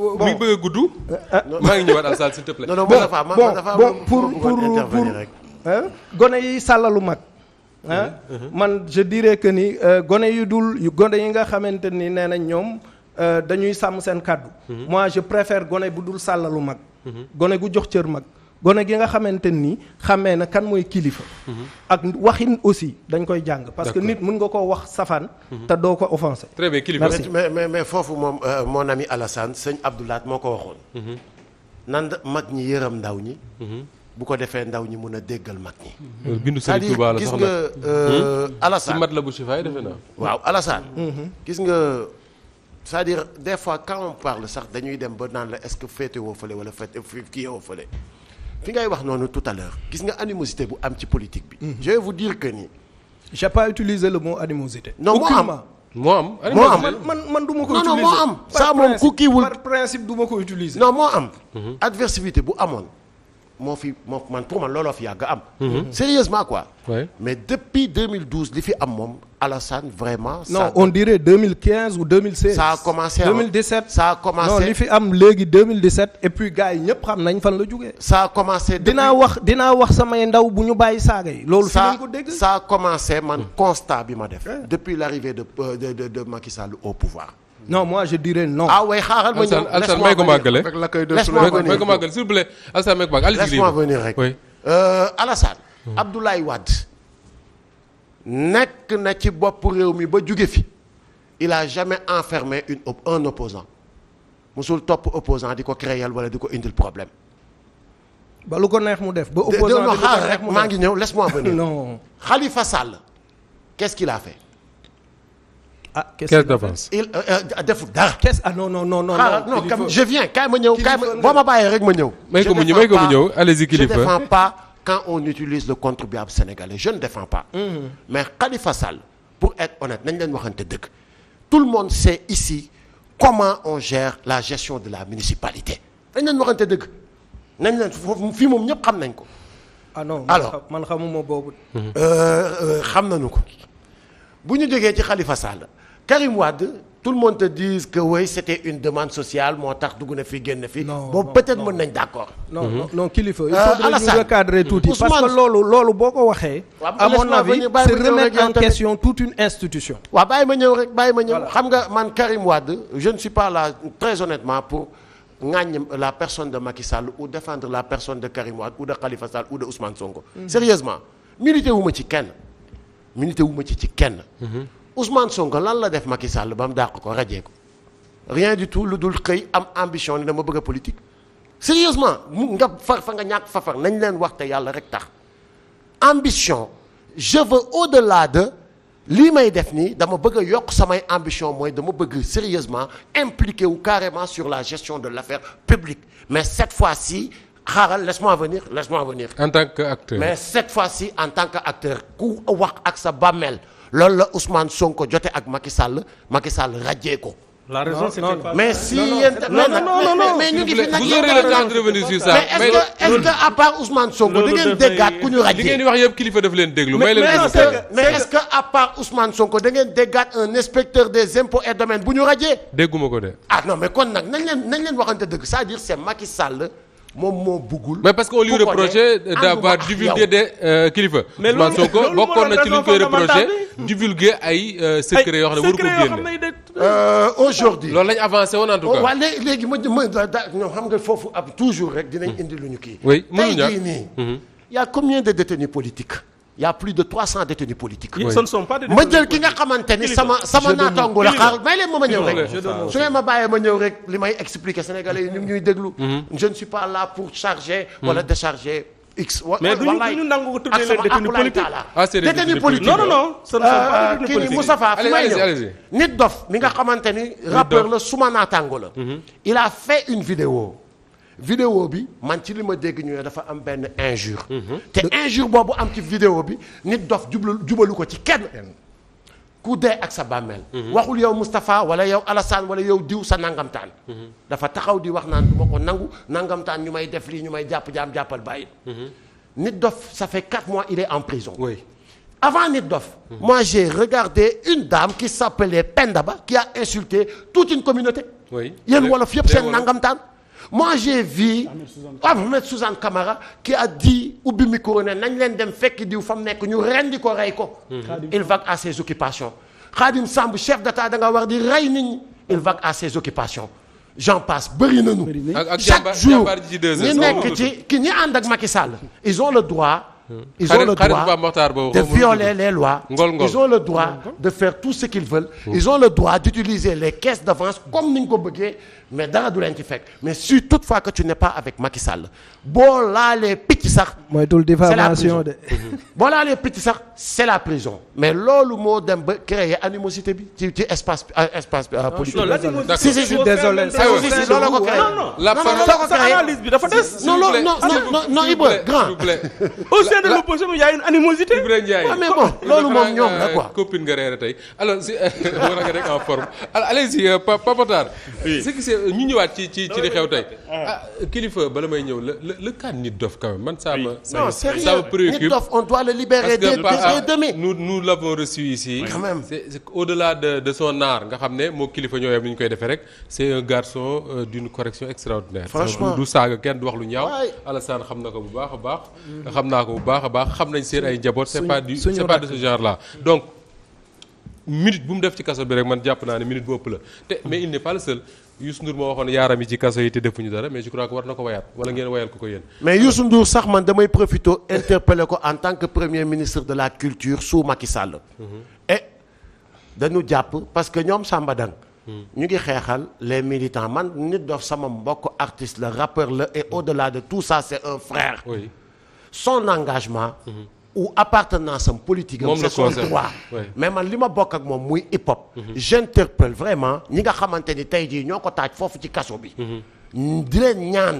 bon mi bëgg a gudd. Euh, euh, maa ngi ñëwaat Alassane s'il te plaît. non non bon pour pour pour gone yi sàllalu mag. Uh-huh. man je dirais que ni euh, gone yu dul gone yi nga xamante ni nee nañ ñoom dañuy sàmm seen kàddu. Uh-huh. moi je préfère gone bu dul sàllalu mag. Uh-huh. gone gu jox cër mag. gone gi nga xamante nii xamee na kan mooy kilifa. Mhm. ak waxin aussi dañ koy jàng. parce que nit mën nga koo wax safaan. Mhm. te doo ko offensé. très bien kilifa mais mais mais foofu moom euh, mon ami Alassane sëñ Abdoulaat moo ko waxoon. Mhm. nan mag ñi yëram ndaw ñi. bu ko defee ndaw ñi mun a déggal mag ñi. Euh, bindu Sëriñ Tuubaa la sax nag gis nga euh, hmm? Alassane la bu si fay defe waaw Alassane. gis nga. c'est-à-dire des fois quand on parle sax dañuy dem ba naan la est-ce que féetewoo fële wala féete kii yoo fi ngay wax noonu tout à l'heure gis nga animosité bu am ci politique bi. Mhm. je vous dire que ni. j'ai pas utilisé le mot animosité. non moo am moo am. moo am man man du ma ko. utiliser non non moo am. saa moom ku kiiwul par principe du ma ko utiliser. non moo am. Mhm. adversité bu amoon. moo fi moo man pour man looloo fi yàgg am. Mhm. sérieusement quoi. Ouais. mais depuis 2012 li fi am moom Alassane vraiment. non ça... on dirait 2015 ou 2016. ça a commencé 2017 ça a commencé non li fi am léegi 2017 et puis gars yi ñëpp xam nañ fan la jógee. ça a commencé dinaa wax dinaa wax samay ndaw bu ñu bàyyi saaga yi. loolu fi nañ ko dégg ça commencé man mm. constant bi ma def. depuis l'arrivée de euh, de de de Macky au pouvoir. non moi je dirais non. ah way xaaral ma ñëw Assane may ko màggale may ko màggale s'il vous plaît Assane may ko màggale. laisse-moi venir rek euh, Alassane. Mm. Abdoulaye Wade nekk na ci bopp réew mi ba jóge fi il a jamais enfermé une un opposant musul topp opposant di ko créer wala di ko indil problème. ba ko neex mu def. ba opposant bi xaar rek Khalifa Sall qu'est-ce qu'il a fait. ah caisse euh, euh, d' avance il deful dara. Ah, non non non non. xaaral ah, non kam je viens kaay ma ñëw kaay bàyyee rek ma ñëw. may ko mu ñëw may ko mu ñëw allez-y kilifa je ne défends pas quand on utilise le contribuable sénégalais je ne défends pas. Mm-hmm. mais Khalifa Sall pour être honnête nañ leen waxante dëgg tout le monde sait ici comment on gère la gestion de la municipalité nañ leen waxante dëgg nañ leen foofu fii moom ñëpp xam nañ ko. ah non man xamuma boobu. Euh, xam nañu ko. bu ñu jógee ci Khalifa Sall Karim Wade tout le monde te dise que oui c'était une demande sociale moo tax dugg na fi génn fi. non boobu peut-être mën nañ d'accord. non non non kilifa. il ah, faudrait ñu recadrer boo ko waxee. à mon avis c'est remettre en question toute une institution. waaw bàyyi ma man Karim Wade je pas là très honnêtement pour. ŋàññ la personne de Macky Sall ou défendre la personne de Karim Wade mm. sérieusement milité wu ma ci kenn. milité wu ma ci ci kenn. Mhm. Ousmane Sonko lan la def Macky Sall ba mu dàq ko rajee ko rien du tout lu dul xëy am ambition ni dama bëgg a politique. sérieusement nga far fa nga ñàkk fa far nañ leen wax te yàlla rek tax ambition je veux au-delà de. lii may def nii dama bëgg a yokk samay ambition mooy dama bëgg sérieusement impliqué wu carrément sur la gestion de l'affaire publique mais cette fois si xaaral laisse-moi venir laisse-moi venir. en tant qu'acteur mais cette fois-ci en tant qu'acteur ku wax ak sa bàmmeel loolu la Ousmane Sonko jote ak Macky Sall Macky Sall rajee ko. la mais si yéen non non non mais ñu ngi fi nag yéen mais est-ce que est que à part Ousmane Sonko da ngeen déggaat ku ñu rajee. li ngeen di wax kilifa daf leen déglu. may leen mais est-ce que à part Ousmane Sonko da ngeen déggaat un inspecteur des impôts et domaines bu ñu rajee. dégguma ko de. ah non mais kon nag nañ leen nañ leen waxante dëgg c'est-à-dire c'est moom moo buggul. mais parce que au lieu de reprocher d'avoir divulgué euh, kilifa. mais loolu loolu bokkoon na ci li ñu koy reprocher divulguer ay euh, secret yoo xam ne waru ko génne. Euh, aujourd'hui loolu avancé woon en tout oh, cas. waaw léegi ma ma daa ñoom xam nga foofu ab toujours rek. dinañ hmm. indi lu ñu kii. oui mënuñu tey jii nii. Hmm. y a combien de détenus politiques. y a plus de 300 détenus politiques. Oui. ce ne sont pas des détenus politiques ma jël ki nga xamante ni sama sama naataango la xaaral may leen ma ma ñëw su ngeen ma bàyyee ma ñëw li may expliquer sénégalais yi ñu ngi ñuy mhm. je ne suis pas là pour charger. wala mhm. décharger x. mais du ñu nangu ko ah, non non non. ce ne sont pas euh, des dof mi nga xamante ni. rappeur la suma naataango mhm. il a fait une vidéo. vidéo bi man ci li ma dégg ñu ne dafa am benn injure mhm. te injure boobu am ci vidéo bi nit dof jublu jubalu ko ci kenn ku dee ak sa bàmmeel mhm. waxul yow Moustapha wala yow Alassane wala yow diw sa nangamtaan mhm. dafa taxaw di wax naan du ma ko nangu nangamtaan ñu may def lii ñu may jàpp jaam jàppal bàyyi nit dof sa fe quatre mois il est en prison oui. avant nit dof moi j'ai regardé une dame qui s'appelait Penda Ba qui a insulté toute une communauté yéen wolof yëpp seen nangamtaan moi j'ai vu Ahmed Suzanne Camara qui a dit ubbi micro ne nañ leen dem fekk di fa mu nekk ñu rendi ko rey ko il vaque à ses occupations Khadim Samb chef d'État da nga war di rey nit ñi il vaque à ses occupations j'en passe bëri nañu chaque jour ñi nekk ci ki ñi ànd ak Macky Sall ils ont le droit ils ont le droit de violer les lois. ils ont le droit de faire tout ce qu'ils veulent. ils ont le droit d'utiliser les caisses d'avance comme ni ñu ko bëggee mais dara du leen mais si toutefois que tu n'es pas avec Macky Sall boo laalee picc de. c'est la prison mais loolu moo dem ba créer animosité bi ci ci espace euh, espace euh, politique. si si désolé non non non non non au-delà de l'opposition y a une animosité. Ibrahima Ndiaye ah, mais bon loolu moom ñoom la quoi. copine nga reere tey alors si euh, war nga rek en forme alors allez-y euh, Pape ñu ñëwaat ci ci ci li xew tey. ah, ah kilifa bala may ñëw la la le cas nit dof quand man ça me. non sérieux ça me préoccupe nit dof on doit le de dès demain. nous nous l'avons reçu ici. quand même c'est au-delà de de son art nga xam ne moo kilifa ñoo yem ni ñu koy defee rek c'est un garçon euh, d'une correction extraordinaire. franchement du saaga kenn du wax lu ñaaw. Alassane xam na ko bu baax a baax. xam naa baax a baax xam nañ seen ay njaboot c'est pas du c'est pas de ce genre là donc minute bu mu def ci kaso bi rek man jàpp naa ne minute bu ëpp la te mais il n'est pas le seul moo waxoon yaaram yi ci kaso yi te defuñu dara mais je crois que war na ko wayaat wala ngeen wayal ko ko yéen mais Youssou Ndour sax man damay profité interpeller ko en tant que premier ministre de la culture sous Macky Sall mm-hmm. et dañu jàpp parce que ñoom Samba Dang mm-hmm. ñu ngi xeexal les militants man nit dof sama mbokk artiste la rappeur la et au son engagement. ou appartenance am politique am. c'est li ma bokk ak moom muy hip hop. j'interpelle vraiment ñi nga xamante ni tey jii ñoo ko taaj foofu ci kaso bi. Mhm. di leen